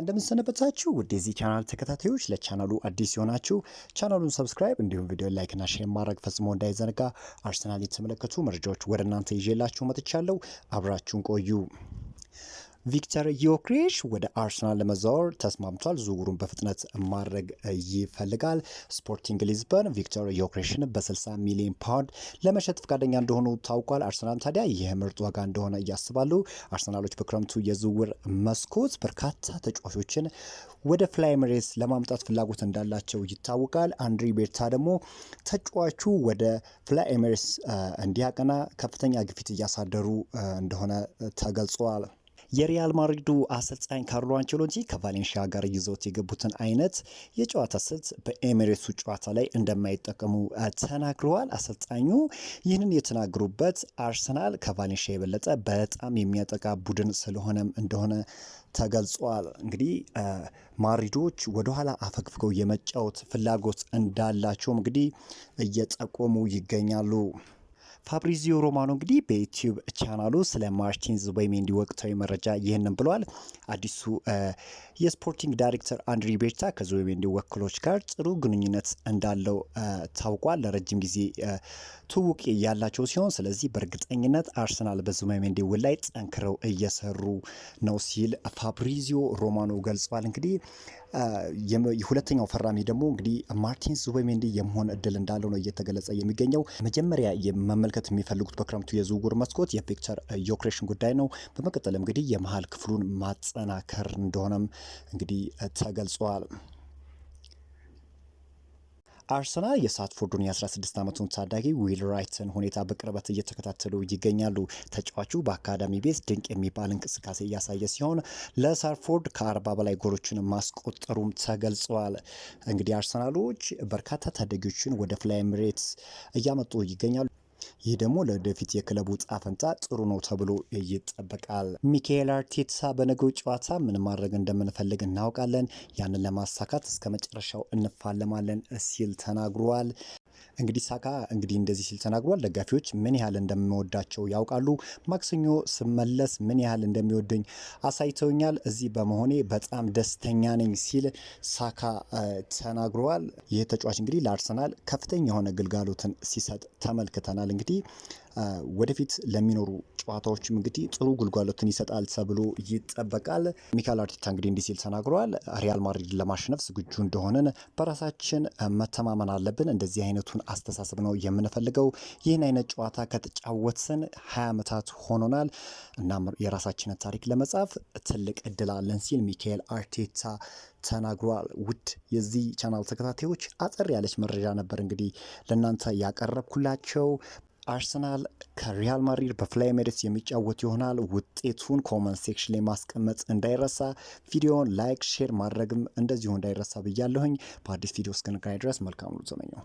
እንደምንሰነበታችሁ ውድ የዚህ ቻናል ተከታታዮች፣ ለቻናሉ አዲስ ሲሆናችሁ ቻናሉን ሰብስክራይብ እንዲሁም ቪዲዮ ላይክና ሼር ማድረግ ፈጽሞ እንዳይዘነጋ። አርሰናል የተመለከቱ መረጃዎች ወደ እናንተ ይዤላችሁ መጥቻለሁ። አብራችሁን ቆዩ። ቪክተር ዮክሬሽ ወደ አርሰናል ለመዛወር ተስማምቷል። ዝውውሩን በፍጥነት ማድረግ ይፈልጋል። ስፖርቲንግ ሊዝበን ቪክተር ዮክሬሽን በ60 ሚሊዮን ፓውንድ ለመሸጥ ፈቃደኛ እንደሆኑ ታውቋል። አርሰናል ታዲያ ይህ ምርጥ ዋጋ እንደሆነ እያስባሉ። አርሰናሎች በክረምቱ የዝውውር መስኮት በርካታ ተጫዋቾችን ወደ ፍላይመሬስ ለማምጣት ፍላጎት እንዳላቸው ይታወቃል። አንድሪ ቤርታ ደግሞ ተጫዋቹ ወደ ፍላይመሬስ እንዲያቀና ከፍተኛ ግፊት እያሳደሩ እንደሆነ ተገልጿል። የሪያል ማድሪዱ አሰልጣኝ ካርሎ አንቸሎቲ ከቫሌንሺያ ጋር ይዘውት የገቡትን አይነት የጨዋታ ስልት በኤሚሬትሱ ጨዋታ ላይ እንደማይጠቀሙ ተናግረዋል። አሰልጣኙ ይህንን የተናገሩበት አርሰናል ከቫሌንሺያ የበለጠ በጣም የሚያጠቃ ቡድን ስለሆነም እንደሆነ ተገልጿል። እንግዲህ ማድሪዶች ወደኋላ አፈግፍገው የመጫወት ፍላጎት እንዳላቸውም እንግዲህ እየጠቆሙ ይገኛሉ። ፋብሪዚዮ ሮማኖ እንግዲህ በዩቲዩብ ቻናሉ ስለ ማርቲን ዙቢሜንዲ ወቅታዊ መረጃ ይህንን ብለዋል። አዲሱ የስፖርቲንግ ዳይሬክተር አንድሪ ቤርታ ከዙቢሜንዲ ወክሎች ጋር ጥሩ ግንኙነት እንዳለው ታውቋል። ለረጅም ጊዜ ትውውቅ ያላቸው ሲሆን ስለዚህ በእርግጠኝነት አርሰናል በዙቢሜንዲ ውል ላይ ጠንክረው እየሰሩ ነው ሲል ፋብሪዚዮ ሮማኖ ገልጿል። እንግዲህ ሁለተኛው ፈራሚ ደግሞ እንግዲህ ማርቲን ዙቢሜንዲ የመሆን እድል እንዳለው ነው እየተገለጸ የሚገኘው መጀመሪያ መመልከት ማበረከት የሚፈልጉት በክረምቱ የዝውውር መስኮት የፒክቸር ዮክሬሽን ጉዳይ ነው። በመቀጠል እንግዲህ የመሀል ክፍሉን ማጠናከር እንደሆነም እንግዲህ ተገልጿል። አርሰናል የሳትፎርዱን የ16 ዓመቱን ታዳጊ ዊል ራይትን ሁኔታ በቅርበት እየተከታተሉ ይገኛሉ። ተጫዋቹ በአካዳሚ ቤት ድንቅ የሚባል እንቅስቃሴ እያሳየ ሲሆን ለሳትፎርድ ከ40 በላይ ጎሎችን ማስቆጠሩም ተገልጸዋል። እንግዲህ አርሰናሎች በርካታ ታዳጊዎችን ወደ ፍላይ ኤሚሬትስ እያመጡ ይገኛሉ። ይህ ደግሞ ለወደፊት የክለቡ ዕጣ ፈንታ ጥሩ ነው ተብሎ ይጠበቃል። ሚካኤል አርቴታ በነገው ጨዋታ ምን ማድረግ እንደምንፈልግ እናውቃለን፣ ያንን ለማሳካት እስከ መጨረሻው እንፋለማለን ሲል ተናግሯል። እንግዲህ ሳካ እንግዲህ እንደዚህ ሲል ተናግሯል። ደጋፊዎች ምን ያህል እንደምወዳቸው ያውቃሉ። ማክሰኞ ስመለስ ምን ያህል እንደሚወደኝ አሳይተውኛል። እዚህ በመሆኔ በጣም ደስተኛ ነኝ ሲል ሳካ ተናግሯል። ይህ ተጫዋች እንግዲህ ለአርሰናል ከፍተኛ የሆነ ግልጋሎትን ሲሰጥ ተመልክተናል እንግዲህ ወደፊት ለሚኖሩ ጨዋታዎችም እንግዲህ ጥሩ ጉልጓሎትን ይሰጣል ተብሎ ይጠበቃል። ሚካኤል አርቴታ እንግዲህ እንዲህ ሲል ተናግረዋል። ሪያል ማድሪድን ለማሸነፍ ዝግጁ እንደሆንን በራሳችን መተማመን አለብን። እንደዚህ አይነቱን አስተሳሰብ ነው የምንፈልገው። ይህን አይነት ጨዋታ ከተጫወትን ሀያ ዓመታት ሆኖናል እና የራሳችንን ታሪክ ለመጻፍ ትልቅ እድል አለን ሲል ሚካኤል አርቴታ ተናግሯል። ውድ የዚህ ቻናል ተከታታዮች አጠር ያለች መረጃ ነበር እንግዲህ ለእናንተ ያቀረብኩላቸው። አርሰናል ከሪያል ማድሪድ በፍላይ ሜሪት የሚጫወት ይሆናል። ውጤቱን ኮመንት ሴክሽን ላይ ማስቀመጥ እንዳይረሳ፣ ቪዲዮን ላይክ፣ ሼር ማድረግም እንደዚሁ እንዳይረሳ ብያለሁኝ። በአዲስ ቪዲዮ እስክንገናኝ ድረስ መልካም ሁሉ ተመኘው።